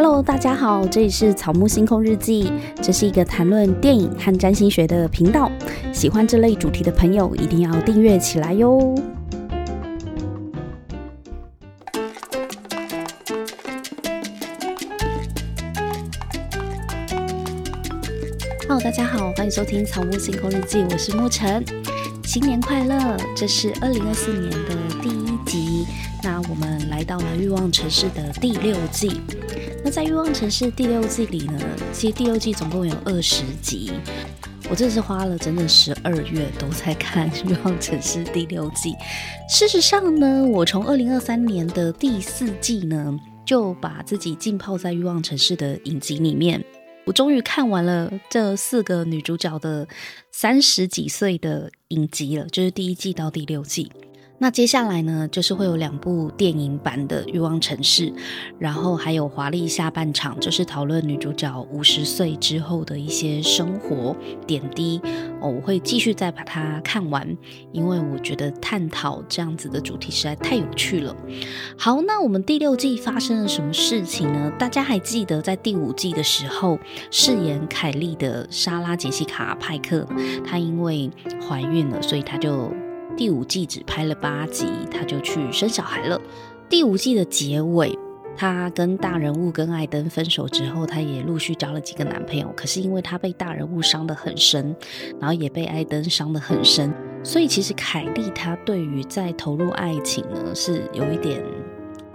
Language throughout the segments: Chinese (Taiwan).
Hello，大家好，這裡是草木星空日記，這是一個談論電影和占星學的頻道。喜歡這類主題的朋友，一定要訂閱起來喲。Hello，大家好，歡迎收聽草木星空日記，我是木塵，新年快樂！這是二零二四年的第一集，那我們來到了欲望城市的第六季。在《慾望城市》第六季裡呢，其實第六季總共有二十集，我這是花了整整十二月都在看《慾望城市》第六季。事實上呢，我從二零二三年的第四季呢，就把自己浸泡在《慾望城市》的影集裡面。我終於看完了這四個女主角的三十幾歲的影集了，就是第一季到第六季。那接下來呢，就是會有兩部電影版的《欲望城市》，然後還有《華麗下半場》，就是討論女主角五十歲之後的一些生活點滴。哦，我會繼續再把它看完，因為我覺得探討這樣子的主題實在太有趣了。好，那我們第六季發生了什麼事情呢？大家還記得在第五季的時候，飾演凱莉的莎拉·杰西卡·派克，她因為懷孕了，所以她就。第五季只拍了八集，他就去生小孩了。第五季的結尾，他跟大人物跟艾登分手之後，他也陸續交了幾個男朋友。可是因為他被大人物傷得很深，然後也被艾登傷得很深，所以其實凱莉她對於再投入愛情呢，是有一點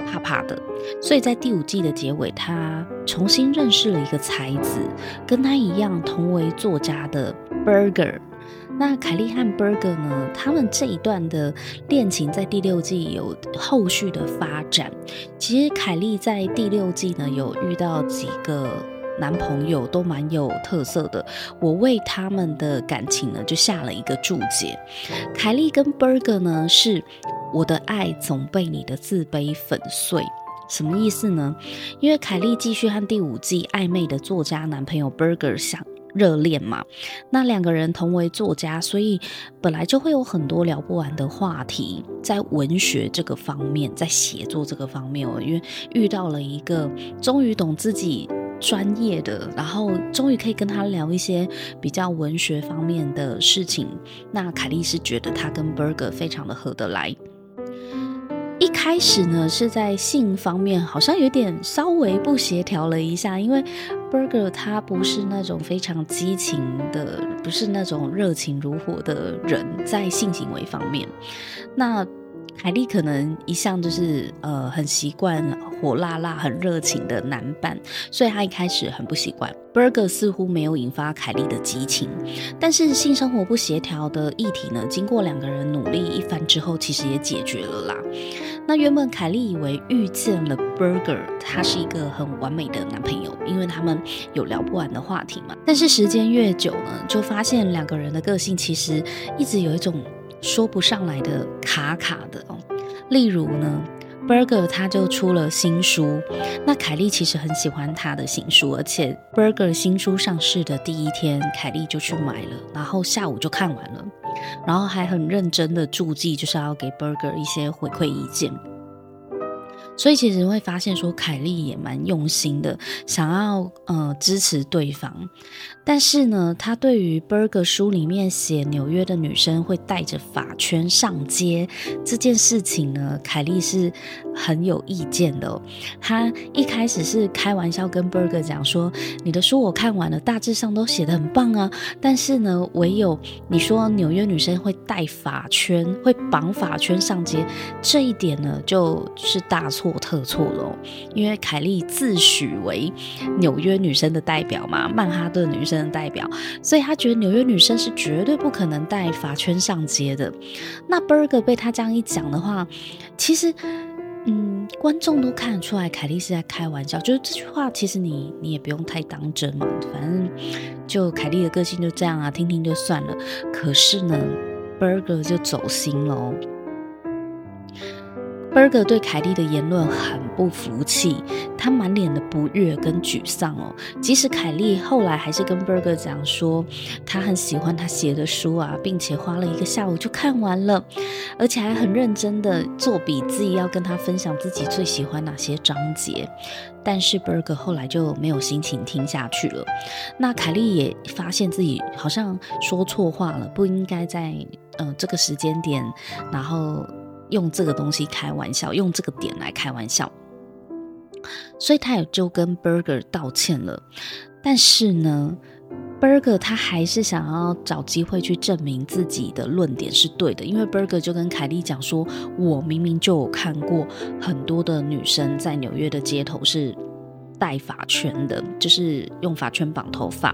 怕怕的。所以在第五季的結尾，她重新認識了一個才子，跟她一樣同為作家的 Burger。那凱莉和 Berger 呢？他們這一段的戀情在第六季有後續的發展。其實凱莉在第六季呢有遇到幾個男朋友，都蠻有特色的。我為他們的感情呢就下了一個注解：凱莉跟 Berger 呢是我的愛總被你的自卑粉碎，什麼意思呢？因為凱莉繼續和第五季曖昧的作家男朋友 Berger 想。熱戀嘛，那兩個人同為作家，所以本來就會有很多聊不完的話題。在文學這個方面，在寫作這個方面哦，因為遇到了一個終於懂自己專業的，然後終於可以跟他聊一些比較文學方面的事情。那凱莉是覺得他跟 Berger 非常的合得來。一開始呢，是在性方面好像有點稍微不協調了一下，因為 Berger 他不是那種非常激情的，不是那種熱情如火的人，在性行為方面，那。凱莉可能一向就是呃很習慣火辣辣、很熱情的男伴，所以她一開始很不習慣。Berger 似乎沒有引發凱莉的激情，但是性生活不協調的議題呢，經過兩個人努力一番之後，其實也解決了啦。那原本凱莉以為遇見了 Berger，他是一個很完美的男朋友，因為他們有聊不完的話題嘛。但是時間越久呢，就發現兩個人的個性其實一直有一種。說不上來的卡卡的哦，例如呢，Berger 他就出了新書，那凱莉其實很喜歡他的新書，而且 Berger 新書上市的第一天，凱莉就去買了，然後下午就看完了，然後還很認真的注記，就是要給 Berger 一些回饋意見。所以其實會發現，說凱莉也蠻用心的，想要呃支持對方。但是呢，她對於 Berger 書裡面寫紐約的女生會帶着髮圈上街這件事情呢，凱莉是很有意見的哦。她一開始是開玩笑跟 Berger 講說：“你的書我看完了，大致上都寫得很棒啊。”但是呢，唯有你說紐約女生會戴髮圈、會綁髮圈上街這一點呢，就是大錯。錯特錯了，因為凱莉自詡為紐約女生的代表嘛，曼哈頓女生的代表，所以她覺得紐約女生是絕對不可能戴髮圈上街的。那 Berger 被她這樣一講的話，其實，嗯，觀眾都看得出來，凱莉是在開玩笑，就是這句話，其實你你也不用太當真嘛，反正就凱莉的個性就這樣啊，聽聽就算了。可是呢，Berger 就走心了。Berger 對凱莉的言論很不服氣，他滿臉的不悅跟沮喪哦。即使凱莉後來還是跟 Berger 講說，他很喜歡他寫的書啊，並且花了一個下午就看完了，而且還很認真的做筆記，自己要跟他分享自己最喜歡哪些章節。但是 Berger 後來就沒有心情聽下去了。那凱莉也發現自己好像說錯話了，不應該在呃這個時間點，然後。用這個東西開玩笑，用這個點來開玩笑，所以他也就跟 Berger 道歉了。但是呢，Berger 他還是想要找機會去證明自己的論點是對的，因為 Berger 就跟凱莉講說：“我明明就有看過很多的女生在紐約的街頭是。”戴髮圈的，就是用髮圈綁頭髮，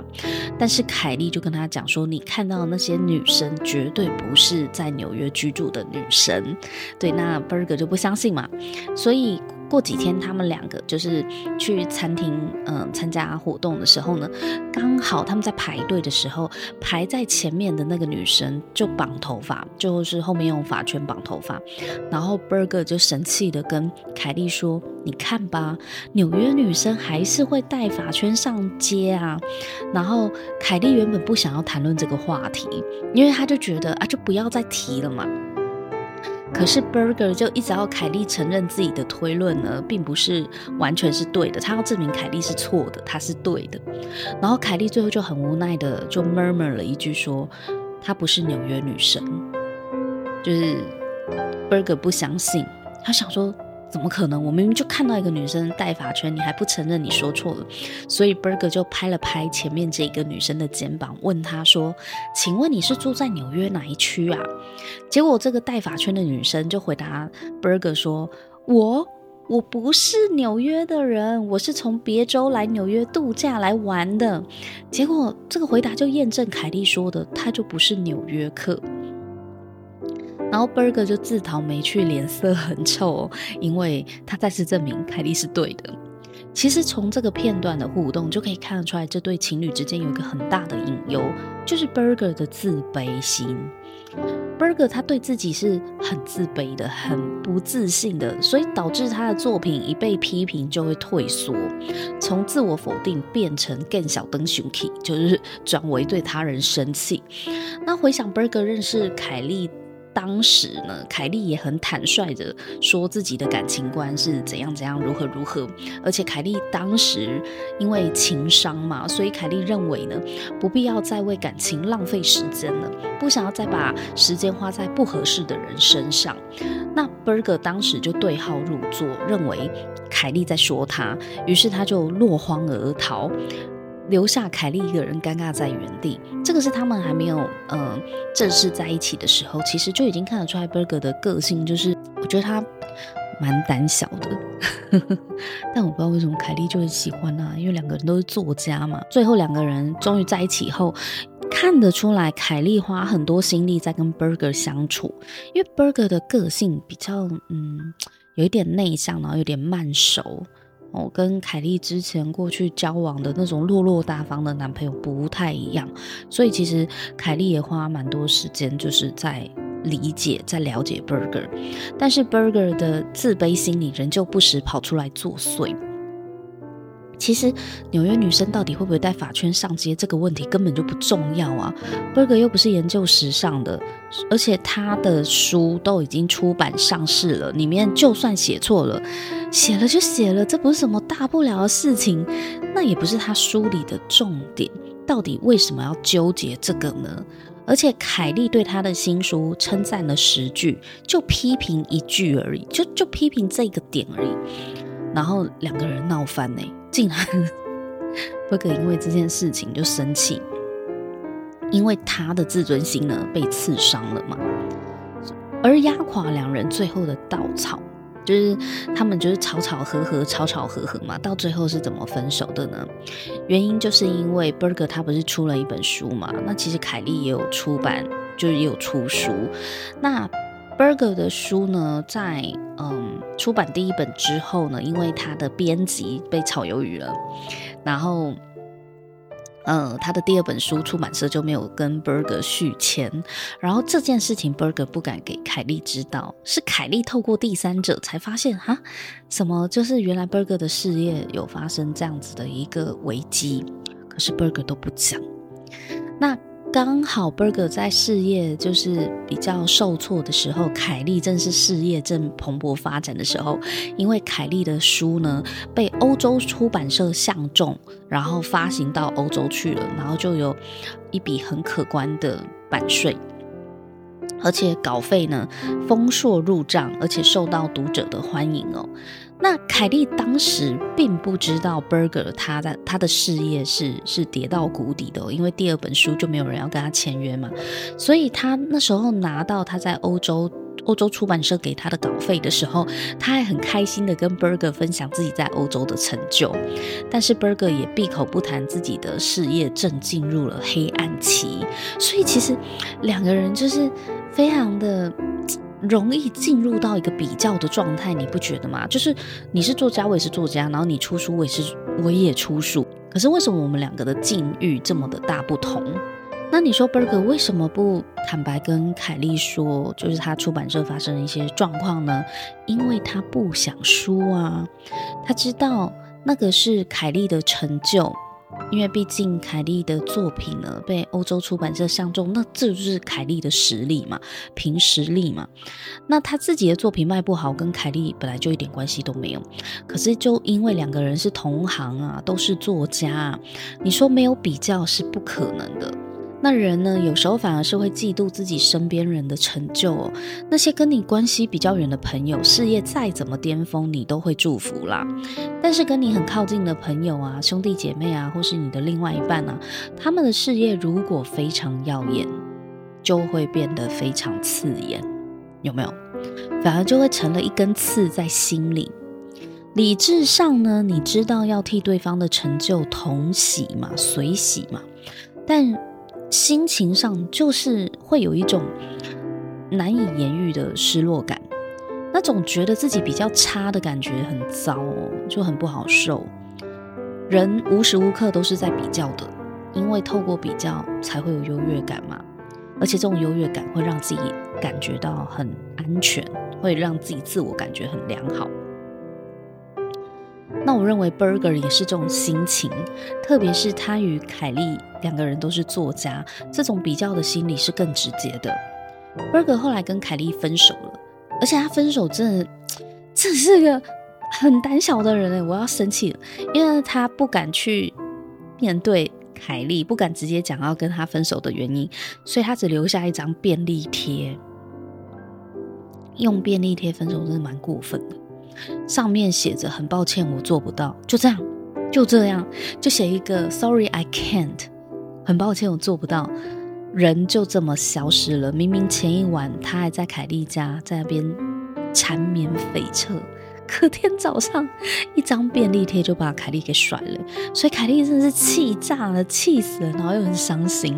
但是凱莉就跟他講說，你看到的那些女生絕對不是在紐約居住的女生，對，那 Berger 就不相信嘛，所以。過幾天，他們兩個就是去餐廳，嗯、呃，參加活動的時候呢，剛好他們在排隊的時候，排在前面的那個女生就綁頭髮，就是後面用髮圈綁頭髮，然後 Berger 就神氣的跟凱莉說：“你看吧，紐約女生還是會戴髮圈上街啊。”然後凱莉原本不想要談論這個話題，因為她就覺得啊，就不要再提了嘛。可是 Berger 就一直要凱莉承認自己的推論呢，並不是完全是對的。他要證明凱莉是錯的，他是對的。然後凱莉最後就很無奈的就 murmur 了一句說：“她不是紐約女神。”就是 Berger 不相信，他想說。怎麼可能？我明明就看到一個女生戴髮圈，你還不承認？你說錯了。所以 Berger 就拍了拍前面這一個女生的肩膀，問她說：“請問你是住在紐約哪一區啊？”結果這個戴髮圈的女生就回答 Berger 說：“我我不是紐約的人，我是從別州來紐約度假來玩的。”結果這個回答就驗證凱莉說的，她就不是紐約客。然後 Burger 就自討沒趣，臉色很臭，哦，因為他再次證明凱莉是對的。其實從這個片段的互動就可以看得出來，這對情侶之間有一個很大的隱憂，就是 Burger 的自卑心。Burger 他對自己是很自卑的，很不自信的，所以導致他的作品一被批評就會退縮，從自我否定變成見笑轉生氣，就是轉為對他人生氣。那回想 Burger 認識凱莉。當時呢，凱莉也很坦率地說自己的感情觀是怎樣怎樣如何如何，而且凱莉當時因為情傷嘛，所以凱莉認為呢，不必要再為感情浪費時間了，不想要再把時間花在不合適的人身上。那 Berger 當時就對號入座，認為凱莉在說他，於是他就落荒而逃。留下凱莉一個人尷尬在原地，這個是他們還沒有嗯、呃、正式在一起的時候，其實就已經看得出來 Burger 的個性就是，我覺得他蠻膽小的， 但我不知道為什麼凱莉就很喜歡他，啊，因為兩個人都是作家嘛。最後兩個人終於在一起後，看得出來凱莉花很多心力在跟 Burger 相處，因為 Burger 的個性比較嗯有一點內向，然後有點慢熟。我、哦、跟凱莉之前過去交往的那種落落大方的男朋友不太一樣，所以其實凱莉也花蠻多時間，就是在理解、在了解 Burger，但是 Burger 的自卑心理仍舊不時跑出來作祟。其實，紐約女生到底會不會戴髮圈上街這個問題根本就不重要啊。柏格又不是研究時尚的，而且他的書都已經出版上市了，裡面就算寫錯了，寫了就寫了，這不是什麼大不了的事情。那也不是他書裡的重點，到底為什麼要糾結這個呢？而且凱莉對他的新書稱讚了十句，就批評一句而已，就就批評這個點而已。然後兩個人鬧翻呢，竟然柏格因為這件事情就生氣，因為他的自尊心呢被刺傷了嘛。而壓垮兩人最後的稻草，就是他們就是吵吵合合，吵吵合合，合嘛，到最後是怎麼分手的呢？原因就是因為柏格他不是出了一本書嘛，那其實凱莉也有出版，就是也有出書，那。Burger 的書呢，在嗯出版第一本之後呢，因為他的編輯被炒魷魚了，然後，嗯，他的第二本書出版社就沒有跟 Burger 續簽，然後這件事情 Burger 不敢給凱莉知道，是凱莉透過第三者才發現哈，什麼就是原來 Burger 的事業有發生這樣子的一個危機，可是 Burger 都不講，那。剛好 Berger 在事業就是比較受挫的時候，凱莉正是事業正蓬勃發展的時候。因為凱莉的書呢，被歐洲出版社相中，然後發行到歐洲去了，然後就有一筆很可觀的版稅。而且稿費呢，豐碩入賬，而且受到讀者的歡迎哦。那凱莉當時並不知道 Berger 他在他的事業是，是跌到谷底的哦，因為第二本書就沒有人要跟他簽約嘛。所以他那時候拿到他在歐洲歐洲出版社給他的稿費的時候，他還很開心的跟 Berger 分享自己在歐洲的成就。但是 Berger 也閉口不談自己的事業，正進入了黑暗期。所以其實兩個人就是。非常的容易進入到一個比較的狀態，你不覺得嗎？就是你是作家，我也是作家，然後你出書，我也是，我也出書。可是為什麼我們兩個的境遇這麼的大不同？那你說，e r 為什麼不坦白跟凱利說，就是他出版社發生了一些狀況呢？因為他不想說啊，他知道那個是凱利的成就。因為畢竟凱莉的作品呢，被歐洲出版社相中，那這就是凱莉的實力嘛，憑實力嘛。那他自己的作品賣不好，跟凱莉本來就一點關係都沒有。可是就因為兩個人是同行啊，都是作家啊，你說沒有比較是不可能的。那人呢，有時候反而是會嫉妒自己身邊人的成就哦。那些跟你關係比較遠的朋友，事業再怎麼巔峰，你都會祝福啦。但是跟你很靠近的朋友啊，兄弟姐妹啊，或是你的另外一半啊，他們的事業如果非常耀眼，就會變得非常刺眼，有沒有？反而就會成了一根刺在心裡。理智上呢，你知道要替對方的成就同喜嘛，隨喜嘛，但。心情上就是會有一種難以言喻的失落感，那種覺得自己比較差的感覺很糟，哦，就很不好受。人無時無刻都是在比較的，因為透過比較才會有優越感嘛。而且這種優越感會讓自己感覺到很安全，會讓自己自我感覺很良好。那我認為 Berger 也是這種心情，特別是他與凱莉兩個人都是作家，這種比較的心理是更直接的。Berger 後來跟凱莉分手了，而且他分手真的真是個很膽小的人哎、欸，我要生氣了，因為他不敢去面對凱莉，不敢直接講要跟他分手的原因，所以他只留下一張便利貼。用便利貼分手真的蠻過分的。上面寫着：“很抱歉，我做不到。”就這樣，就這樣，就寫一個 “Sorry, I can't”。很抱歉，我做不到。人就這麼消失了。明明前一晚他還在凱莉家，在那邊纏綿悱惻，隔天早上一張便利貼就把凱莉給甩了。所以凱莉真是氣炸了，氣死了，然後又很傷心。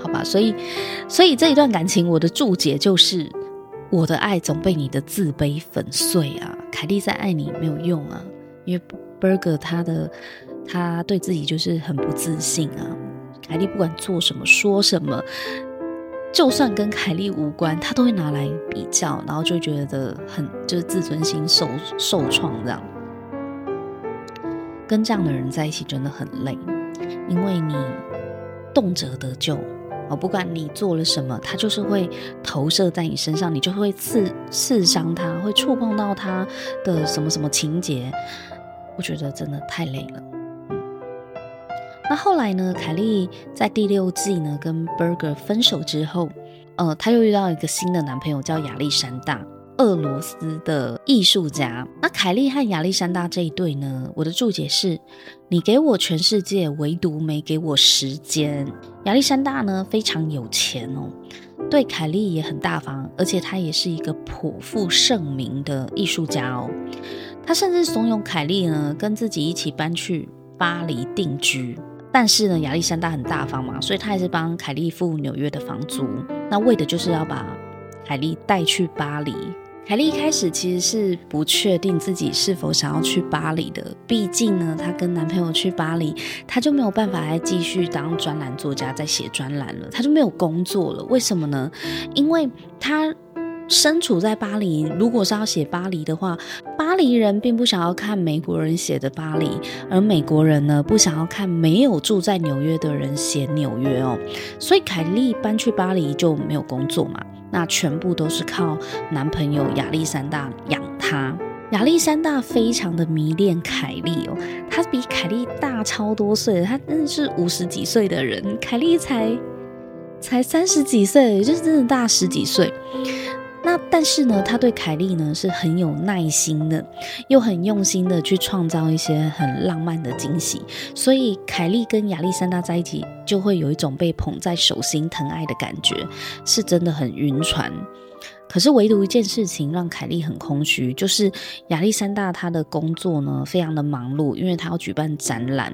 好吧，所以，所以這一段感情，我的注解就是。我的愛總被你的自卑粉碎啊！凱莉再愛你沒有用啊，因為 Burger 他的他對自己就是很不自信啊。凱莉不管做什麼說什麼，就算跟凱莉無關，他都會拿來比較，然後就覺得很就是自尊心受受創這樣。跟這樣的人在一起真的很累，因為你動輒得咎。哦，不管你做了什麼，他就是會投射在你身上，你就會刺刺傷他，會觸碰到他的什麼什麼情結，我覺得真的太累了。嗯，那後來呢？凱莉在第六季呢跟 Berger 分手之後，呃，她又遇到一個新的男朋友叫亞歷山大。俄羅斯的藝術家，那凱莉和亞歷山大這一對呢？我的註解是：你給我全世界，唯獨沒給我時間。亞歷山大呢，非常有錢哦，對凱莉也很大方，而且他也是一個頗負盛名的藝術家哦。他甚至慫恿凱莉呢，跟自己一起搬去巴黎定居。但是呢，亞歷山大很大方嘛，所以他還是幫凱莉付紐約的房租，那為的就是要把凱莉帶去巴黎。凱莉一開始其實是不確定自己是否想要去巴黎的，畢竟呢，她跟男朋友去巴黎，她就沒有辦法再繼續當專欄作家，再寫專欄了，她就沒有工作了。為什麼呢？因為她身處在巴黎，如果是要寫巴黎的話，巴黎人並不想要看美國人寫的巴黎，而美國人呢，不想要看沒有住在紐約的人寫紐約哦。所以凱莉搬去巴黎就沒有工作嘛。那全部都是靠男朋友亞歷山大養他。亞歷山大非常的迷戀凱莉哦，他比凱莉大超多歲，他真的是五十幾歲的人，凱莉才才三十幾歲，就是真的大十幾歲。那但是呢，他對凱莉呢是很有耐心的，又很用心的去創造一些很浪漫的驚喜，所以凱莉跟亞歷山大在一起就會有一種被捧在手心疼愛的感覺，是真的很暈船。可是唯獨一件事情讓凱莉很空虛，就是亞歷山大他的工作呢非常的忙碌，因為他要舉辦展覽。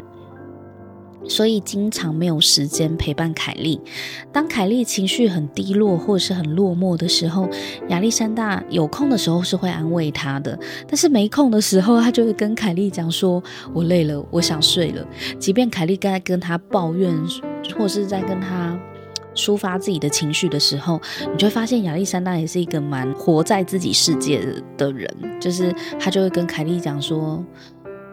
所以經常沒有時間陪伴凱莉。當凱莉情緒很低落或者是很落寞的時候，亞歷山大有空的時候是會安慰她的，但是沒空的時候，他就會跟凱莉講說：“我累了，我想睡了。”即便凱莉在跟他抱怨，或是在跟他抒發自己的情緒的時候，你就會發現亞歷山大也是一個蠻活在自己世界的人，就是他就會跟凱莉講說：“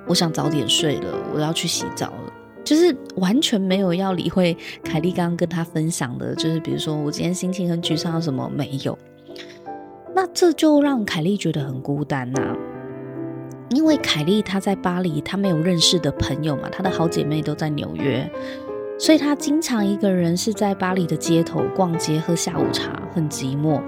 我想早點睡了，我要去洗澡了。”就是完全沒有要理會凱莉剛剛跟他分享的，就是比如說我今天心情很沮喪什麼沒有，那這就讓凱莉覺得很孤單啊，因為凱莉她在巴黎，她沒有認識的朋友嘛，她的好姐妹都在紐約。所以他經常一個人是在巴黎的街頭逛街喝下午茶，很寂寞。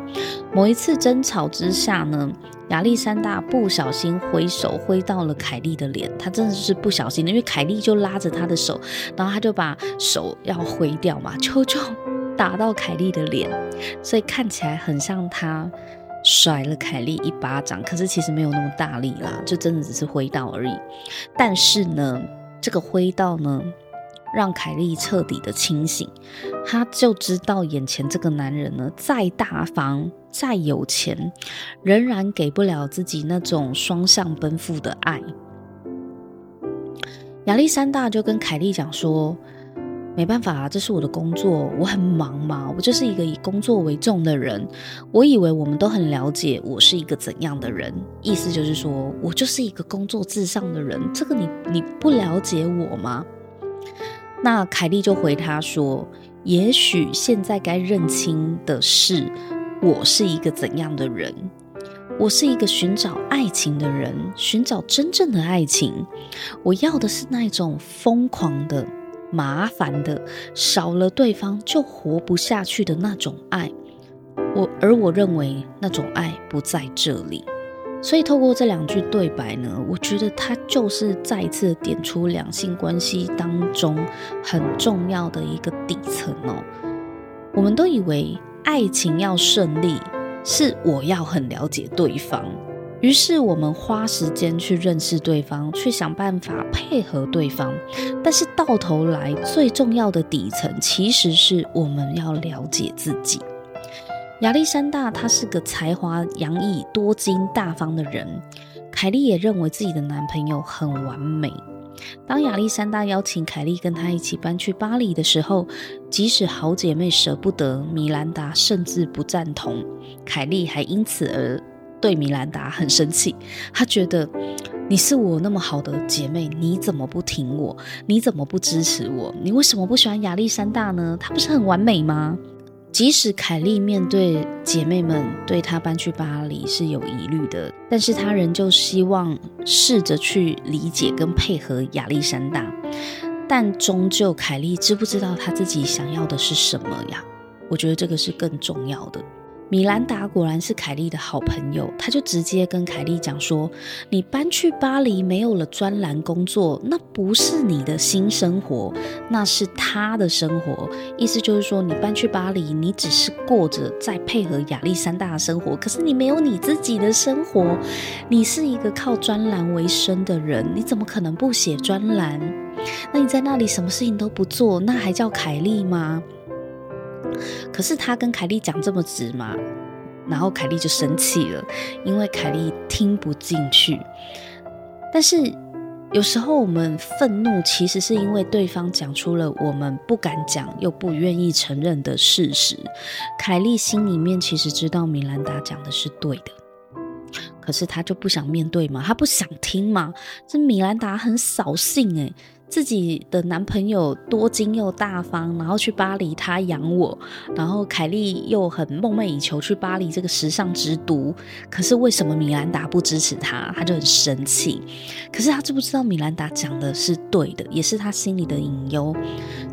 某一次爭吵之下呢，亞歷山大不小心揮手揮到了凱莉的臉，他真的是不小心，因為凱莉就拉着他的手，然後他就把手要揮掉嘛，就就打到凱莉的臉，所以看起來很像他甩了凱莉一巴掌，可是其實沒有那麼大力啦，就真的只是揮到而已。但是呢，這個揮到呢，讓凱莉徹底的清醒，她就知道眼前這個男人呢，再大方、再有錢，仍然給不了自己那種雙向奔赴的愛。亞歷山大就跟凱莉講說：“沒辦法啊，這是我的工作，我很忙嘛，我就是一個以工作為重的人。我以為我們都很了解我是一個怎樣的人，意思就是說我就是一個工作至上的人。這個你你不了解我嗎？”那凱莉就回他說：“也許現在該認清的是，我是一個怎樣的人？我是一個尋找愛情的人，尋找真正的愛情。我要的是那種瘋狂的、麻煩的、少了對方就活不下去的那種愛。我，而我認為那種愛不在這裡。”所以透過這兩句對白呢，我覺得它就是再一次點出兩性關係當中很重要的一個底層哦。我們都以為愛情要順利，是我要很了解對方，於是我們花時間去認識對方，去想辦法配合對方。但是到頭來，最重要的底層，其實是我們要了解自己。亞歷山大，他是個才華洋溢、多金大方的人。凱莉也認為自己的男朋友很完美。當亞歷山大邀請凱莉跟他一起搬去巴黎的時候，即使好姐妹捨不得，米蘭達甚至不贊同。凱莉還因此而對米蘭達很生氣。她覺得，你是我那麼好的姐妹，你怎麼不挺我？你怎麼不支持我？你為什麼不喜歡亞歷山大呢？他不是很完美嗎？即使凱莉面對姐妹們對她搬去巴黎是有疑慮的，但是她仍舊希望試着去理解跟配合亞歷山大。但終究，凱莉知不知道她自己想要的是什麼呀？我覺得這個是更重要的。米蘭達果然是凱莉的好朋友，她就直接跟凱莉講說：“你搬去巴黎沒有了專欄工作，那不是你的新生活，那是他的生活。意思就是說，你搬去巴黎，你只是過着在配合亞歷山大的生活，可是你沒有你自己的生活。你是一個靠專欄為生的人，你怎麼可能不寫專欄？那你在那裡什麼事情都不做，那還叫凱莉嗎？”可是他跟凱莉講這麼直嘛，然後凱莉就生氣了，因為凱莉聽不進去。但是有時候我們憤怒，其實是因為對方講出了我們不敢講又不願意承認的事實。凱莉心裡面其實知道米蘭達講的是對的，可是她就不想面對嘛，她不想聽嘛。這米蘭達很掃興哎、欸。自己的男朋友多金又大方，然後去巴黎他養我，然後凱莉又很夢寐以求去巴黎這個時尚之都，可是為什麼米蘭達不支持他？他就很生氣。可是他知不知道米蘭達講的是對的，也是他心裡的隱憂？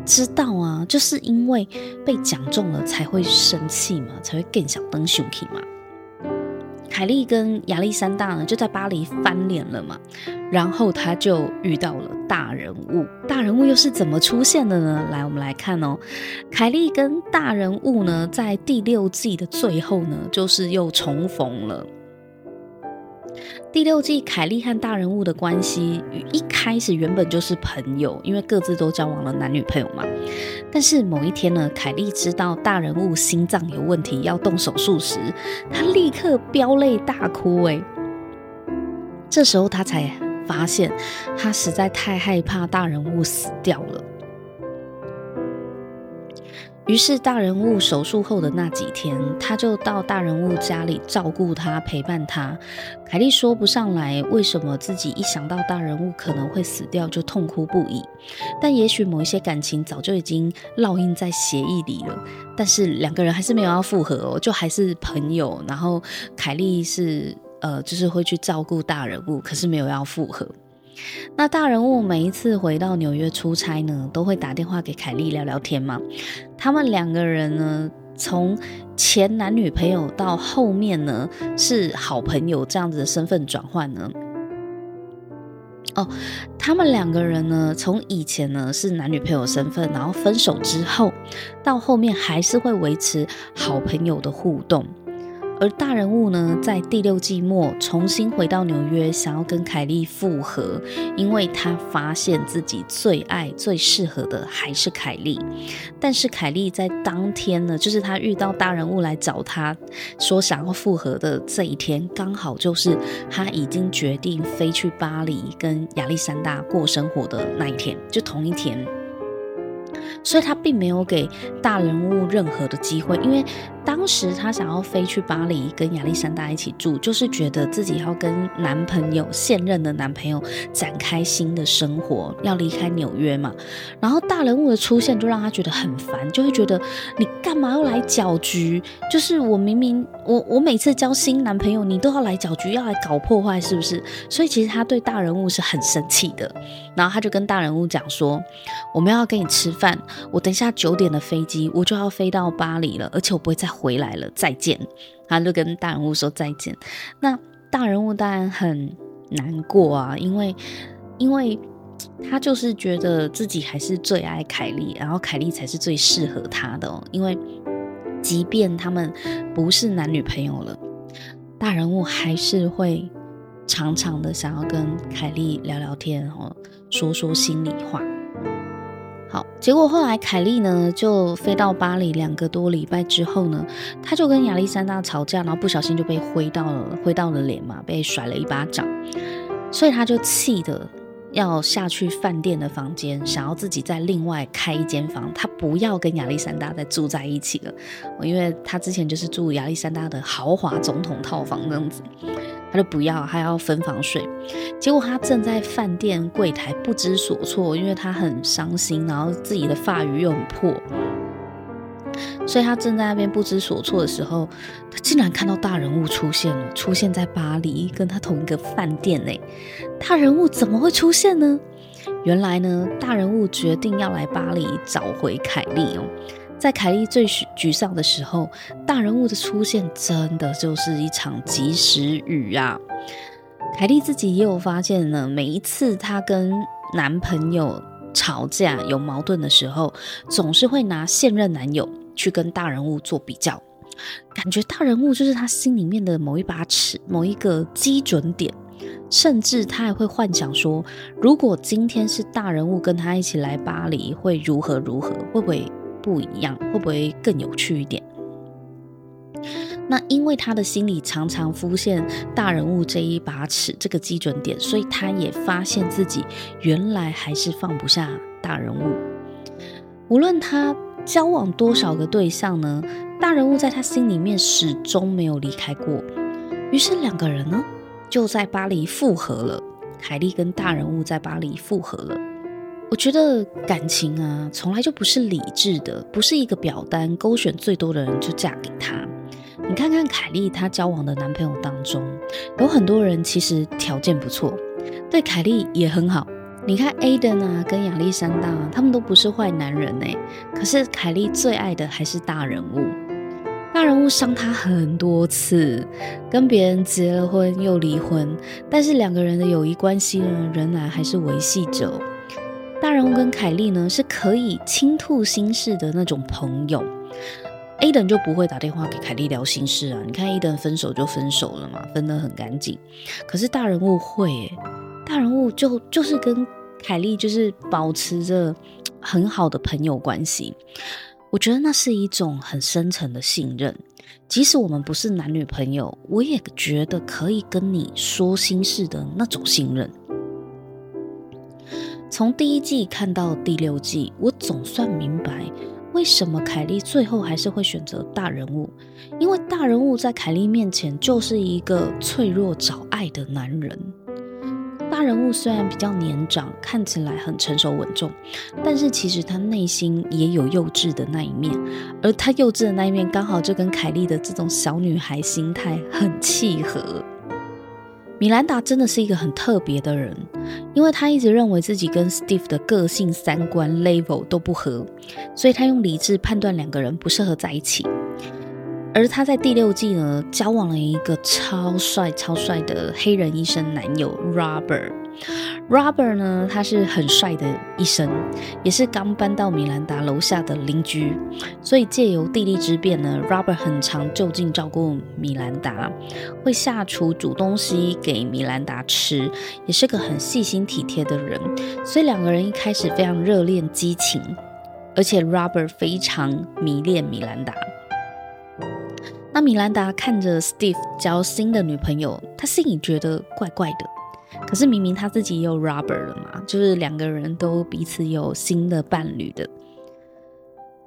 知道啊，就是因為被講中了才會生氣嘛，才會更想當兇器嘛。凱莉跟亞歷山大呢，就在巴黎翻臉了嘛，然後他就遇到了大人物，大人物又是怎麼出現的呢？來，我們來看哦。凱莉跟大人物呢，在第六季的最後呢，就是又重逢了。第六季凱莉和大人物的關係與一開始原本就是朋友，因為各自都交往了男女朋友嘛。但是某一天呢，凱莉知道大人物心臟有問題要動手術時，她立刻飆淚大哭，欸。哎，這時候她才發現，她實在太害怕大人物死掉了。於是大人物手術後的那幾天，他就到大人物家裡照顧他，陪伴他。凱莉說不上來為什麼自己一想到大人物可能會死掉就痛哭不已，但也許某一些感情早就已經烙印在協議裡了。但是兩個人還是沒有要復合哦，就還是朋友。然後凱莉是呃，就是會去照顧大人物，可是沒有要復合。那大人物每一次回到紐約出差呢，都會打電話給凱莉聊聊天嘛。他們兩個人呢，從前男女朋友到後面呢是好朋友，這樣子的身份轉換呢，哦，他們兩個人呢，從以前呢是男女朋友身份，然後分手之後，到後面還是會維持好朋友的互動。而大人物呢，在第六季末重新回到紐約，想要跟凱莉復合，因為他發現自己最愛、最適合的還是凱莉。但是凱莉在當天呢，就是他遇到大人物來找他，說想要復合的這一天，剛好就是他已經決定飛去巴黎跟亞歷山大過生活的那一天，就同一天。所以他並沒有給大人物任何的機會，因為。當時她想要飛去巴黎跟亞歷山大一起住，就是覺得自己要跟男朋友現任的男朋友展開新的生活，要離開紐約嘛。然後大人物的出現就讓她覺得很煩，就會覺得你幹嘛要來攪局？就是我明明我我每次交新男朋友，你都要來攪局，要來搞破壞，是不是？所以其實她對大人物是很生氣的。然後她就跟大人物講說：“我們要跟你吃飯，我等一下九點的飛機，我就要飛到巴黎了，而且我不會再。”回來了，再見。他就跟大人物說再見。那大人物當然很難過啊，因為因為他就是覺得自己還是最愛凱莉，然後凱莉才是最適合他的哦，因為即便他們不是男女朋友了，大人物還是會常常的想要跟凱莉聊聊天哦，說說心裡話。好，結果後來凱莉呢就飛到巴黎，兩個多禮拜之後呢，她就跟亞歷山大吵架，然後不小心就被揮到了，揮到了臉嘛，被甩了一巴掌，所以她就氣得要下去飯店的房間，想要自己再另外開一間房，她不要跟亞歷山大再住在一起了，因為她之前就是住亞歷山大的豪華總統套房那樣子。他就不要，還要分房睡。結果他正在飯店櫃檯不知所措，因為他很傷心，然後自己的法語又很破。所以他正在那邊不知所措的時候，他竟然看到大人物出現了，出現在巴黎，跟他同一個飯店內、欸。大人物怎麼會出現呢？原來呢，大人物決定要來巴黎找回凱莉哦、喔。在凱莉最沮喪的時候，大人物的出現真的就是一場及時雨啊！凱莉自己也有發現呢，每一次她跟男朋友吵架、有矛盾的時候，總是會拿現任男友去跟大人物做比較，感覺大人物就是她心裡面的某一把尺、某一個基準點，甚至她還會幻想說，如果今天是大人物跟她一起來巴黎，會如何如何，會不會不一樣，會不會更有趣一點？那因為他的心裡常常浮現大人物這一把尺這個基準點，所以他也發現自己原來還是放不下大人物。無論他交往多少個對象呢，大人物在他心裡面始終沒有離開過。於是兩個人呢，就在巴黎復合了。凱莉跟大人物在巴黎復合了。我覺得感情啊，從來就不是理智的，不是一個表單勾選最多的人就嫁給他。你看看凱莉，她交往的男朋友當中，有很多人其實條件不錯，對凱莉也很好。你看 Aiden 啊，跟亞歷山大，他們都不是壞男人誒，可是凱莉最愛的還是大人物，大人物傷她很多次，跟別人結了婚又離婚，但是兩個人的友誼關係呢，仍然還是維繫着。大人物跟凱莉呢，是可以傾吐心事的那種朋友，Aiden 就不會打電話給凱莉聊心事啊。你看 Aiden 分手就分手了嘛，分得很乾淨。可是大人物會、欸，哎，大人物就就是跟凱莉就是保持着很好的朋友關係。我覺得那是一種很深層的信任，即使我們不是男女朋友，我也覺得可以跟你說心事的那種信任。從第一季看到第六季，我總算明白為什麼凱莉最後還是會選擇大人物。因為大人物在凱莉面前就是一個脆弱找愛的男人。大人物雖然比較年長，看起來很成熟穩重，但是其實他內心也有幼稚的那一面。而他幼稚的那一面，剛好就跟凱莉的這種小女孩心態很契合。米蘭達真的是一個很特別的人，因為他一直認為自己跟 Steve 的個性、三觀、level 都不合，所以他用理智判斷兩個人不適合在一起。而他在第六季呢，交往了一個超帥超帥的黑人醫生男友 Robert。Robert 呢，他是很帥的醫生，也是剛搬到米蘭達樓下的鄰居，所以借由地利之便呢，Robert 很常就近照顧米蘭達，會下廚煮東西給米蘭達吃，也是個很細心體貼的人，所以兩個人一開始非常熱戀激情，而且 Robert 非常迷戀米蘭達。那米蘭達看着 Steve 交新的女朋友，她心裡覺得怪怪的。可是明明他自己也有 Robert 了嘛，就是兩個人都彼此有新的伴侶的，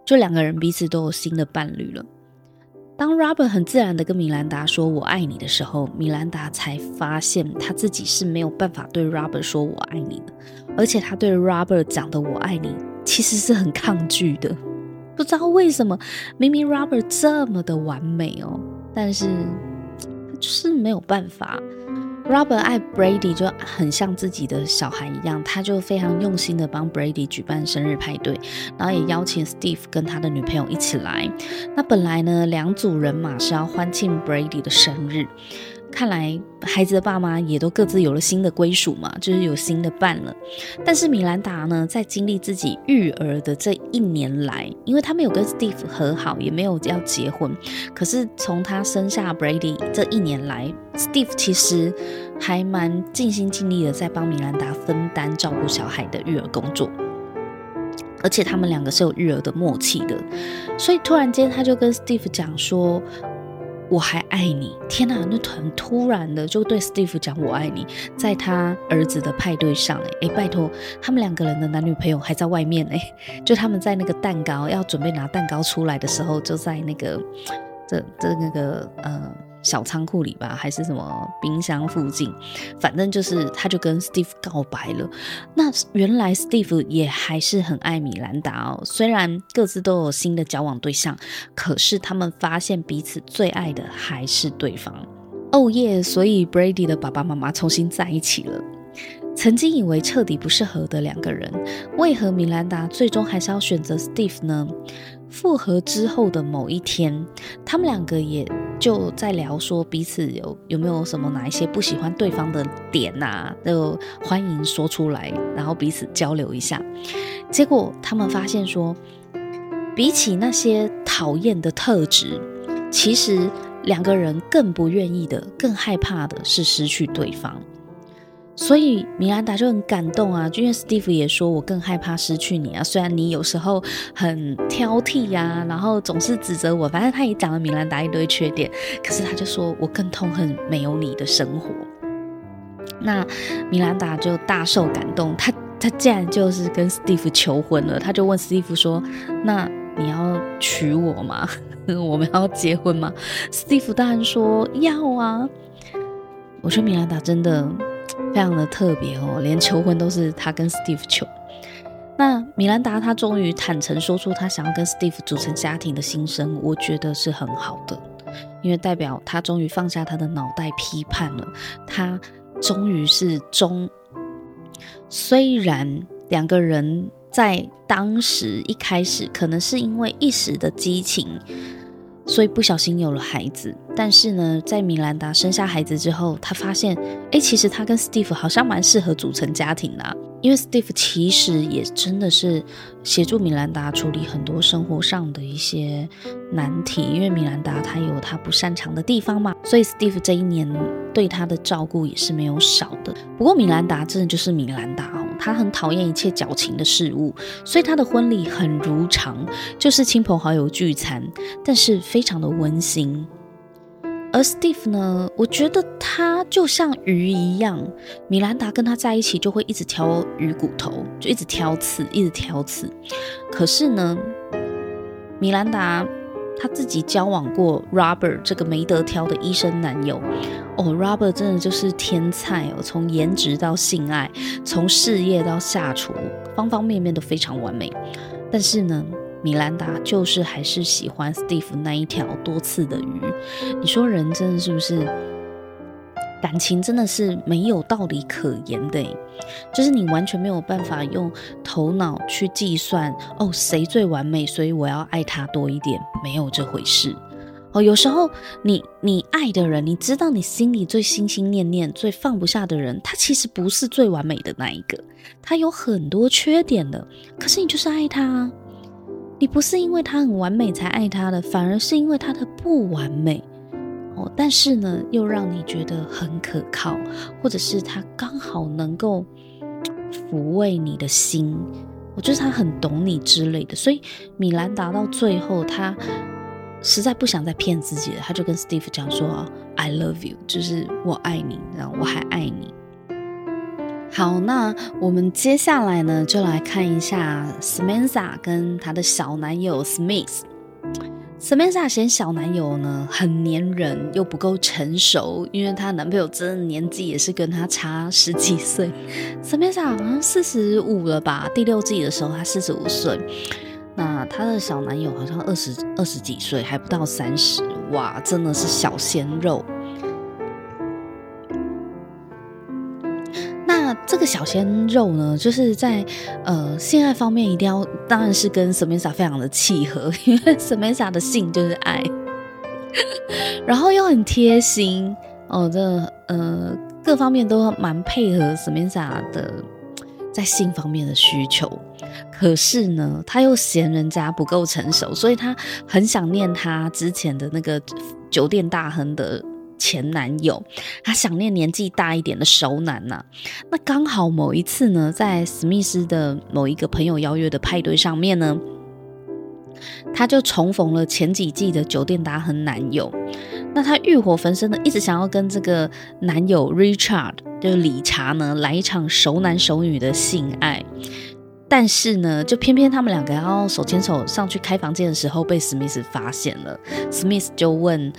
就兩個人彼此都有新的伴侶了。當 Robert 很自然的跟米蘭達說“我愛你”的時候，米蘭達才發現他自己是沒有辦法對 Robert 說“我愛你”的，而且他對 Robert 講的“我愛你”其實是很抗拒的。不知道為什麼，明明 Robert 這麼的完美哦，但是他就是沒有辦法。Robert 愛 Brady 就很像自己的小孩一樣，他就非常用心的幫 Brady 舉辦生日派對，然後也邀請 Steve 跟他的女朋友一起來。那本來呢，兩組人馬是要歡慶 Brady 的生日。看來孩子的爸媽也都各自有了新的歸屬嘛，就是有新的伴了。但是米蘭達呢，在經歷自己育兒的這一年來，因為他沒有跟 Steve 和好，也沒有要結婚，可是從他生下 Brady 這一年來，Steve 其實還蠻盡心盡力的在幫米蘭達分擔照顧小孩的育兒工作，而且他們兩個是有育兒的默契的，所以突然間他就跟 Steve 講說，我還愛你，天哪、啊，那很突然的就對 Steve 講我愛你，在他兒子的派對上，哎、欸，拜托，他們兩個人的男女朋友還在外面呢、欸，就他們在那個蛋糕要準備拿蛋糕出來的時候，就在那個，這這那個，呃。小倉庫裡吧，還是什麼冰箱附近，反正就是他就跟 Steve 告白了。那原來 Steve 也還是很愛米蘭達哦，雖然各自都有新的交往對象，可是他們發現彼此最愛的還是對方。哦耶！所以 Brady 的爸爸媽媽重新在一起了。曾經以為徹底不適合的兩個人，為何米蘭達最終還是要選擇 Steve 呢？復合之後的某一天，他們兩個也就在聊說彼此有有沒有什麼哪一些不喜歡對方的點啊，都歡迎說出來，然後彼此交流一下。結果他們發現說，比起那些討厭的特質，其實兩個人更不願意的、更害怕的是失去對方。所以米蘭達就很感動啊，就因為史帝夫也說，我更害怕失去你啊。雖然你有時候很挑剔呀，啊，然後總是指責我，反正他也講了米蘭達一堆缺點，可是他就說我更痛恨沒有你的生活。那米蘭達就大受感動，他他竟然就是跟史帝夫求婚了。他就問史帝夫說：“那你要娶我嗎？ 我們要結婚嗎？”史帝夫當然說：“要啊。”我說米蘭達真的。非常的特別哦，連求婚都是他跟 Steve 求。那米蘭達她終於坦誠說出她想要跟 Steve 組成家庭的心聲，我覺得是很好的，因為代表她終於放下她的腦袋批判了。她終於是中，雖然兩個人在當時一開始，可能是因為一時的激情，所以不小心有了孩子。但是呢，在米蘭達生下孩子之後，她發現，哎、欸，其實她跟 Steve 好像蠻適合組成家庭的、啊，因為 Steve 其實也真的是協助米蘭達處理很多生活上的一些難題，因為米蘭達她有她不擅長的地方嘛，所以 Steve 這一年對她的照顧也是沒有少的。不過米蘭達真的就是米蘭達哦，她很討厭一切矯情的事物，所以她的婚禮很如常，就是親朋好友聚餐，但是非常的溫馨。而 Steve 呢，我覺得他就像魚一樣，米蘭達跟他在一起就會一直挑魚骨頭，就一直挑刺，一直挑刺。可是呢，米蘭達他自己交往過 Robert 這個沒得挑的醫生男友哦，Robert 真的就是天菜哦，從顏值到性愛，從事業到下廚，方方面面都非常完美。但是呢。米蘭達就是還是喜歡 Steve 那一條多刺的魚。你說人真的是不是？感情真的是沒有道理可言的欸，就是你完全沒有辦法用頭腦去計算哦，誰最完美，所以我要愛他多一點，沒有這回事。哦，有時候你你愛的人，你知道你心裡最心心念念、最放不下的人，他其實不是最完美的那一個，他有很多缺點的，可是你就是愛他。你不是因為他很完美才愛他的，反而是因為他的不完美哦。但是呢，又讓你覺得很可靠，或者是他剛好能夠撫慰你的心，我覺得他很懂你之類的。所以米蘭達到最後，他實在不想再騙自己了，他就跟 Steve 講說：“I love you，就是我愛你，然後我還愛你。”好，那我們接下來呢，就來看一下 Samantha 跟她的小男友 Smith。Samantha 嫌小男友呢，很粘人又不夠成熟，因為她男朋友真的年紀也是跟她差十幾歲。Samantha 好像四十五了吧？第六季的時候她四十五歲，那他的小男友好像二十二十幾歲，還不到三十，哇，真的是小鮮肉。那這個小鮮肉呢，就是在呃性愛方面一定要，當然是跟 Samantha 非常的契合，因為 Samantha 的性就是愛， 然後又很貼心哦，這呃各方面都蠻配合 Samantha 的在性方面的需求。可是呢，他又嫌人家不夠成熟，所以他很想念他之前的那個酒店大亨的。前男友，他想念年紀大一點的熟男吶、啊。那剛好某一次呢，在史密斯的某一個朋友邀約的派對上面呢，她就重逢了前幾季的酒店大亨男友。那她慾火焚身的，一直想要跟這個男友 Richard，就是理查呢，來一場熟男熟女的性愛。但是呢，就偏偏他們兩個要手牽手上去開房間的時候，被史密斯發現了。史密斯就問。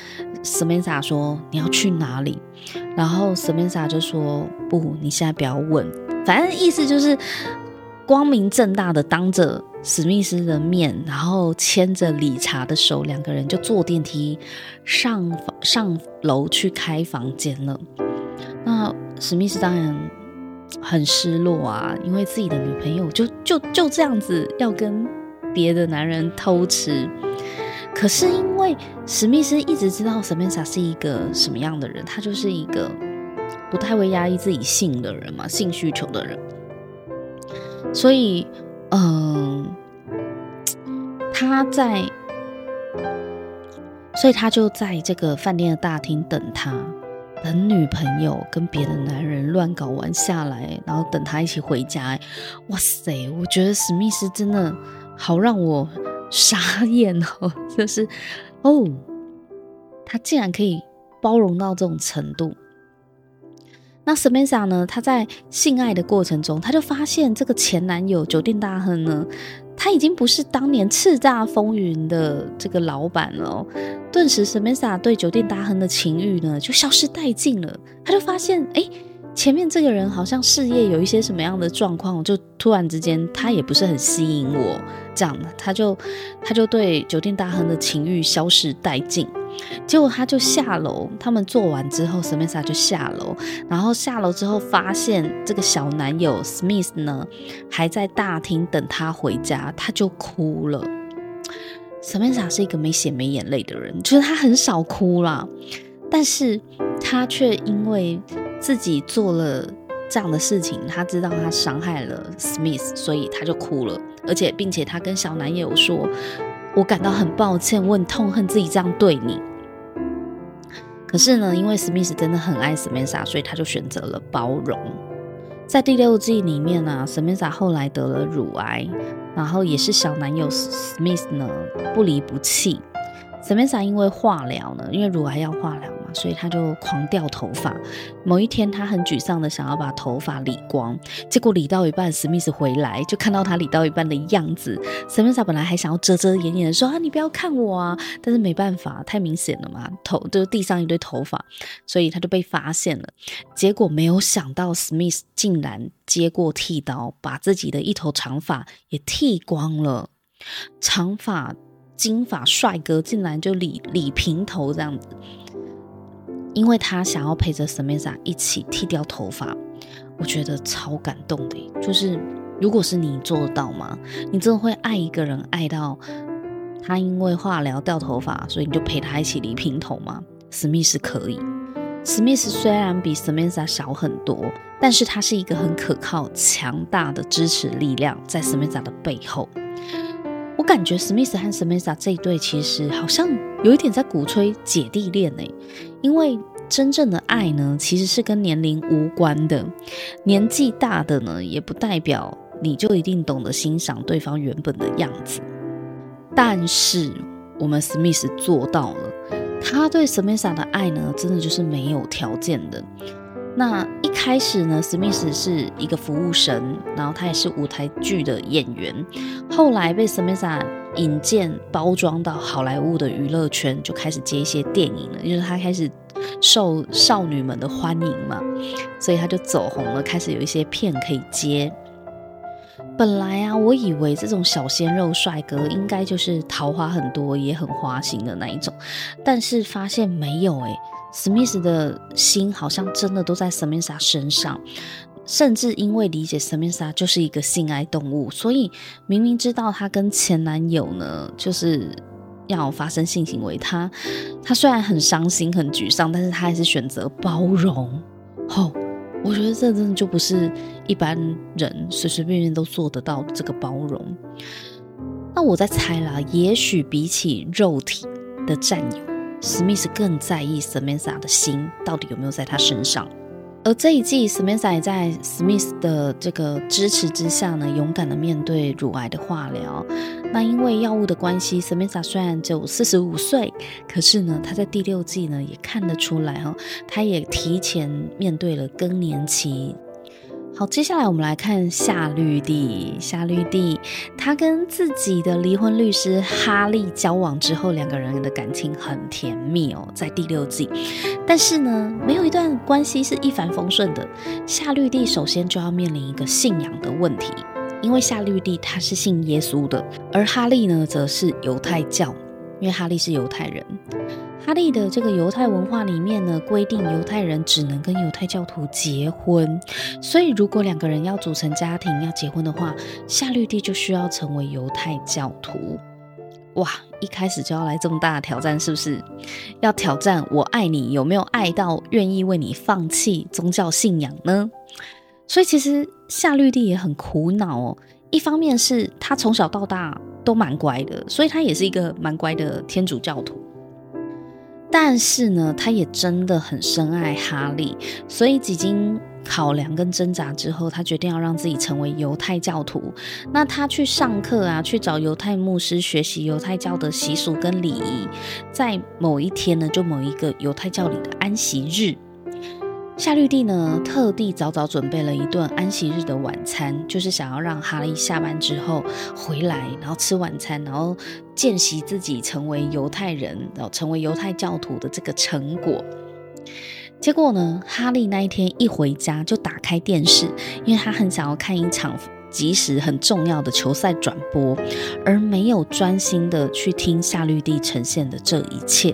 史密斯說：“你要去哪裡？”然後史密斯就說：“不，你現在不要問，反正意思就是光明正大的當着史密斯的面，然後牽着理查的手，兩個人就坐電梯上上樓去開房間了。”那史密斯當然很，很失落啊，因為自己的女朋友就就就這樣子要跟別的男人偷吃。可是因為史密斯一直知道莎曼珊是一個什麼樣的人，他就是一個不太會壓抑自己性的人嘛，性需求的人，所以，嗯、呃，他在，所以他就在這個飯店的大廳等他，等女朋友跟別的男人亂搞完下來，然後等他一起回家。哇塞，我覺得史密斯真的好讓我。傻眼哦，就是哦，他竟然可以包容到這種程度。那莎曼珊呢？她在性愛的過程中，她就發現這個前男友酒店大亨呢，他已經不是當年叱咤風雲的這個老闆了哦。頓時，莎曼珊對酒店大亨的情慾呢就消失殆盡了。她就發現，哎、欸。前面這個人好像事業有一些什麼樣的狀況，就突然之間他也不是很吸引我，這樣的他就他就對酒店大亨的情欲消失殆盡。結果他就下樓，他們做完之後，莎曼珊就下樓，然後下樓之後發現這個小男友史密斯呢還在大廳等他回家，他就哭了。莎曼珊是一個沒血沒眼淚的人，就是他很少哭啦，但是他卻因為。自己做了這樣的事情，他知道他傷害了 Smith，所以他就哭了，而且並且他跟小男友說：“我感到很抱歉，我很痛恨自己這樣對你。”可是呢，因為 Smith 真的很愛 Samantha，所以他就選擇了包容。在第六季裡面呢，啊，Samantha 後來得了乳癌，然後也是小男友 Smith 呢不離不棄。Samantha 因為化療呢，因為乳癌要化療。所以他就狂掉頭髮。某一天，他很沮喪的想要把頭髮理光，結果理到一半，史密斯回來就看到他理到一半的樣子。 史密斯本來還想要遮遮掩掩的說啊，你不要看我啊，但是沒辦法，太明顯了嘛，頭就是地上一堆頭髮，所以他就被發現了。結果沒有想到，史密斯竟然接過剃刀，把自己的一頭長髮也剃光了。長髮金髮帥哥竟然就理理平頭這樣子。因為他想要陪着莎曼珊一起剃掉頭髮，我覺得超感動的。就是如果是你做得到嗎？你真的會愛一個人愛到他因為化療掉頭髮，所以你就陪他一起理平頭嗎？史密斯可以。史密斯雖然比莎曼珊小很多，但是他是一個很可靠、強大的支持力量，在莎曼珊的背後。我感覺 Smith 和 Samantha 這一對其實好像有一點在鼓吹姐弟戀誒、欸，因為真正的愛呢其實是跟年齡無關的，年紀大的呢也不代表你就一定懂得欣賞對方原本的樣子。但是我們 Smith 做到了，他對 Samantha 的愛呢真的就是沒有條件的。那一開始呢，史密斯是一個服務生，然後他也是舞台劇的演員。後來被莎曼珊引薦包裝到好萊塢的娛樂圈，就開始接一些電影了。因為他開始受少女們的歡迎嘛，所以他就走紅了，開始有一些片可以接。本來啊，我以為這種小鮮肉帥哥應該就是桃花很多，也很花心的那一種，但是發現沒有，欸史密斯的心好像真的都在莎曼珊身上，甚至因為理解莎曼珊就是一個性愛動物，所以明明知道他跟前男友呢就是要發生性行為，他她雖然很傷心，很沮喪，但是他還是選擇包容，吼、哦。我覺得這真的就不是一般人隨隨便便都做得到這個包容。那我在猜啦，也許比起肉體的佔有，史密斯更在意 Samantha 的心到底有沒有在他身上。而這一季 Smith 也在 Smith 的這個支持之下呢，勇敢的面對乳癌的化療。那因為藥物的關係 Smith 雖然只有四十五歲，可是呢，他在第六季呢也看得出來哦，他也提前面對了更年期。好，接下來我們來看夏綠蒂。夏綠蒂她跟自己的離婚律師哈利交往之後，兩個人的感情很甜蜜哦，在第六季。但是呢，沒有一段關係是一帆風順的。夏綠蒂首先就要面臨一個信仰的問題，因為夏綠蒂她是信耶穌的，而哈利呢，則是猶太教，因為哈利是猶太人。哈利的這個猶太文化裡面呢，規定猶太人只能跟猶太教徒結婚，所以如果兩個人要組成家庭，要結婚的話，夏綠蒂就需要成為猶太教徒。哇，一開始就要來這麼大的挑戰，是不是？要挑戰我愛你，有沒有愛到願意為你放棄宗教信仰呢？所以其實夏綠蒂也很苦惱哦。一方面是他從小到大都蠻乖的，所以他也是一個蠻乖的天主教徒。但是呢，他也真的很深愛哈利，所以幾經考量跟掙扎之後，他決定要讓自己成為猶太教徒。那他去上課啊，去找猶太牧師學習猶太教的習俗跟禮儀。在某一天呢，就某一個猶太教裡的安息日。夏綠蒂呢，特地早早準備了一頓安息日的晚餐，就是想要讓哈利下班之後回來，然後吃晚餐，然後見識自己成為猶太人，然後成為猶太教徒的這個成果。結果呢，哈利那一天一回家就打開電視，因為他很想要看一場，即使很重要的球賽轉播，而沒有專心的去聽夏綠蒂呈現的這一切，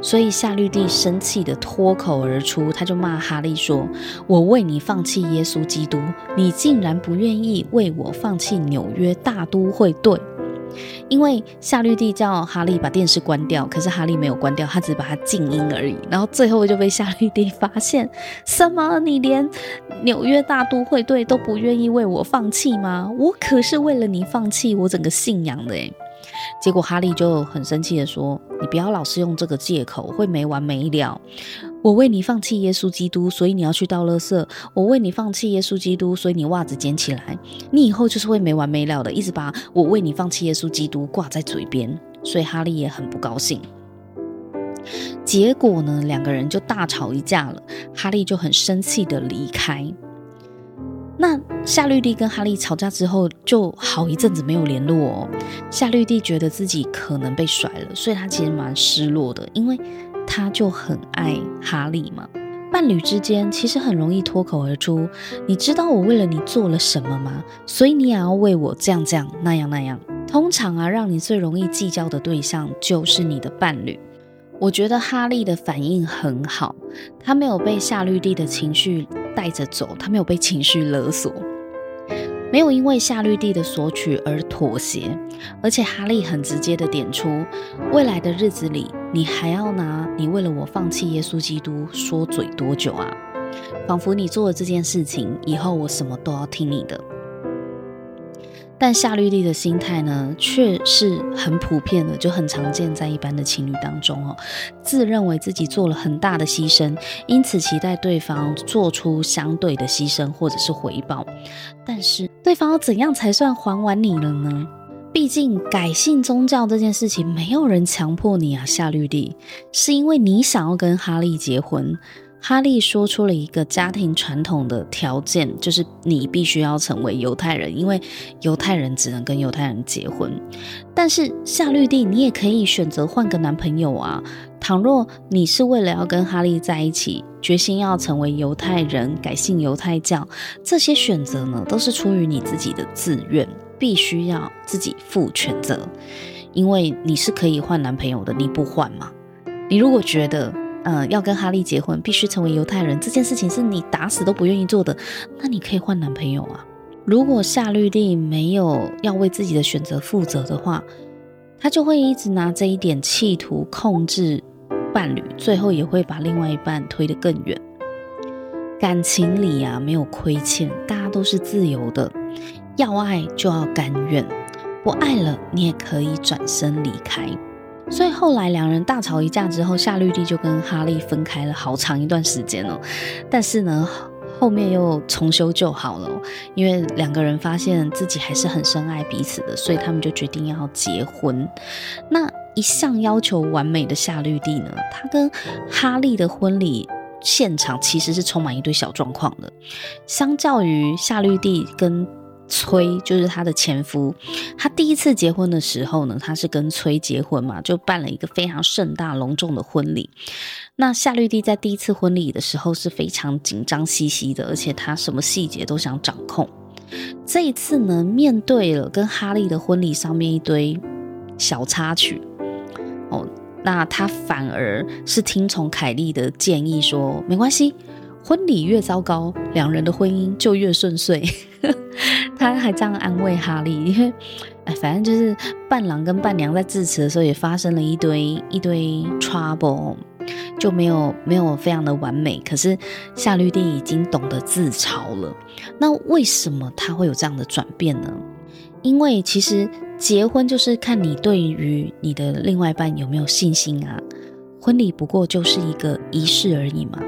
所以夏綠蒂生氣的脫口而出，她就罵哈利說：“我為你放棄耶穌基督，你竟然不願意為我放棄紐約大都會隊。”因為夏綠蒂叫哈利把電視關掉，可是哈利沒有關掉，他只把它靜音而已。然後最後就被夏綠蒂發現，什麼？你連紐約大都會隊都不願意為我放棄嗎？我可是為了你放棄我整個信仰的耶。結果哈利就很生氣的說：“你不要老是用這個借口，會沒完沒了。”我為你放棄耶穌基督，所以你要去倒垃圾。我為你放棄耶穌基督，所以你襪子撿起來。你以後就是會沒完沒了的，一直把我為你放棄耶穌基督掛在嘴邊。所以哈利也很不高興。結果呢，兩個人就大吵一架了。哈利就很生氣的離開。那夏綠蒂跟哈利吵架之後，就好一陣子沒有聯絡哦。夏綠蒂覺得自己可能被甩了，所以她其實蠻失落的，因為。他就很愛哈利嘛，伴侶之間其實很容易脫口而出，你知道我為了你做了什麼嗎？所以你也要為我這樣這樣那樣那樣。通常啊，讓你最容易計較的對象就是你的伴侶。我覺得哈利的反應很好，他沒有被夏綠蒂的情緒帶着走，他沒有被情緒勒索，沒有因為夏綠蒂的索取而妥協，而且哈利很直接的點出，未來的日子裡，你還要拿你為了我放棄耶穌基督說嘴多久啊？仿佛你做了這件事情，以後我什麼都要聽你的。但夏綠蒂的心態呢，卻是很普遍的，就很常見在一般的情侶當中哦。自認為自己做了很大的犧牲，因此期待對方做出相對的犧牲或者是回報。但是對方要怎樣才算還完你了呢？畢竟改信宗教這件事情，沒有人強迫你啊。夏綠蒂是因為你想要跟哈利結婚。哈利說出了一個家庭傳統的條件，就是你必須要成為猶太人，因為猶太人只能跟猶太人結婚。但是夏綠蒂，你也可以選擇換個男朋友啊。倘若你是為了要跟哈利在一起，決心要成為猶太人，改信猶太教，這些選擇呢，都是出於你自己的自願，必須要自己負全責。因為你是可以換男朋友的，你不換嘛？你如果覺得，嗯、呃，要跟哈利結婚，必須成為猶太人，這件事情是你打死都不願意做的，那你可以換男朋友啊。如果夏綠蒂沒有要為自己的選擇負責的話，他就會一直拿這一點企圖控制伴侶，最後也會把另外一半推得更遠。感情裡啊，沒有虧欠，大家都是自由的。要愛就要甘願，不愛了，你也可以轉身離開。所以後來兩人大吵一架之後，夏綠蒂就跟哈利分開了好長一段時間哦。但是呢，後面又重修舊好了哦，因為兩個人發現自己還是很深愛彼此的，所以他們就決定要結婚。那一向要求完美的夏綠蒂呢，她跟哈利的婚禮現場其實是充滿一堆小狀況的，相較於夏綠蒂跟崔就是她的前夫，她第一次結婚的時候呢，她是跟崔結婚嘛，就辦了一個非常盛大隆重的婚禮。那夏綠蒂在第一次婚禮的時候是非常緊張兮兮的，而且她什麼細節都想掌控。這一次呢，面對了跟哈利的婚禮上面一堆小插曲，哦，那她反而是聽從凱莉的建議說，說沒關係。婚禮越糟糕，兩人的婚姻就越順遂。 他還這樣安慰哈利，因為哎，反正就是伴郎跟伴娘在致辭的時候也發生了一堆一堆 trouble，就沒有沒有非常的完美。可是夏綠蒂已經懂得自嘲了。那為什麼他會有這樣的轉變呢？因為其實結婚就是看你對於你的另外一半有沒有信心啊。婚禮不過就是一個儀式而已嘛。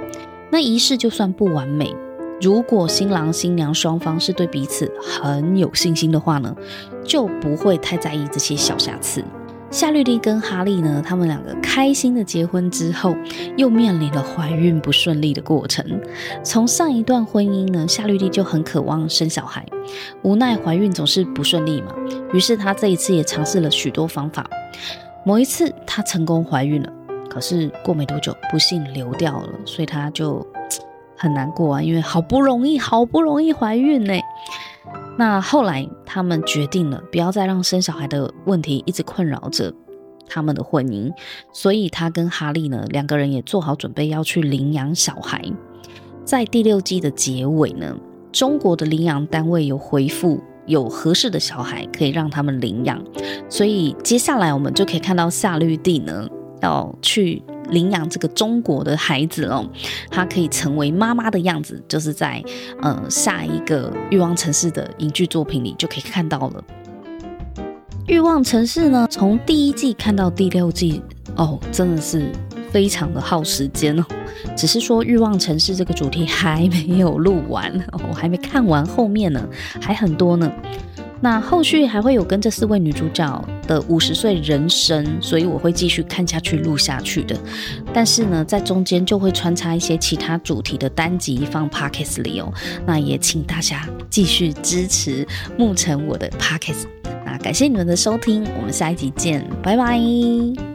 那儀式就算不完美，如果新郎新娘雙方是對彼此很有信心的話呢，就不會太在意這些小瑕疵。夏綠蒂跟哈利呢，他們兩個開心的結婚之後，又面臨了懷孕不順利的過程。從上一段婚姻呢，夏綠蒂就很渴望生小孩，無奈懷孕總是不順利嘛，於是她這一次也嘗試了許多方法。某一次，她成功懷孕了。可是過沒多久，不幸流掉了，所以他就很難過啊，因為好不容易，好不容易懷孕呢。那後來他們決定了，不要再讓生小孩的問題一直困擾着他們的婚姻，所以他跟哈利呢，兩個人也做好準備要去領養小孩。在第六季的結尾呢，中國的領養單位有回复，有合適的小孩可以讓他們領養，所以接下來我們就可以看到夏綠蒂呢。要去領養這個中國的孩子哦，他可以成為媽媽的樣子，就是在呃下一個慾望城市的影劇作品裡就可以看到了。慾望城市呢，從第一季看到第六季哦，真的是非常的耗時間哦。只是說慾望城市這個主題還沒有錄完，我，哦，還沒看完後面呢，還很多呢。那後續還會有跟這四位女主角的五十歲人生，所以我會繼續看下去、錄下去的。但是呢，在中間就會穿插一些其他主題的單集放 podcast 裡哦。那也請大家繼續支持牧塵我的 podcast。那感謝你們的收聽，我們下一集見，拜拜。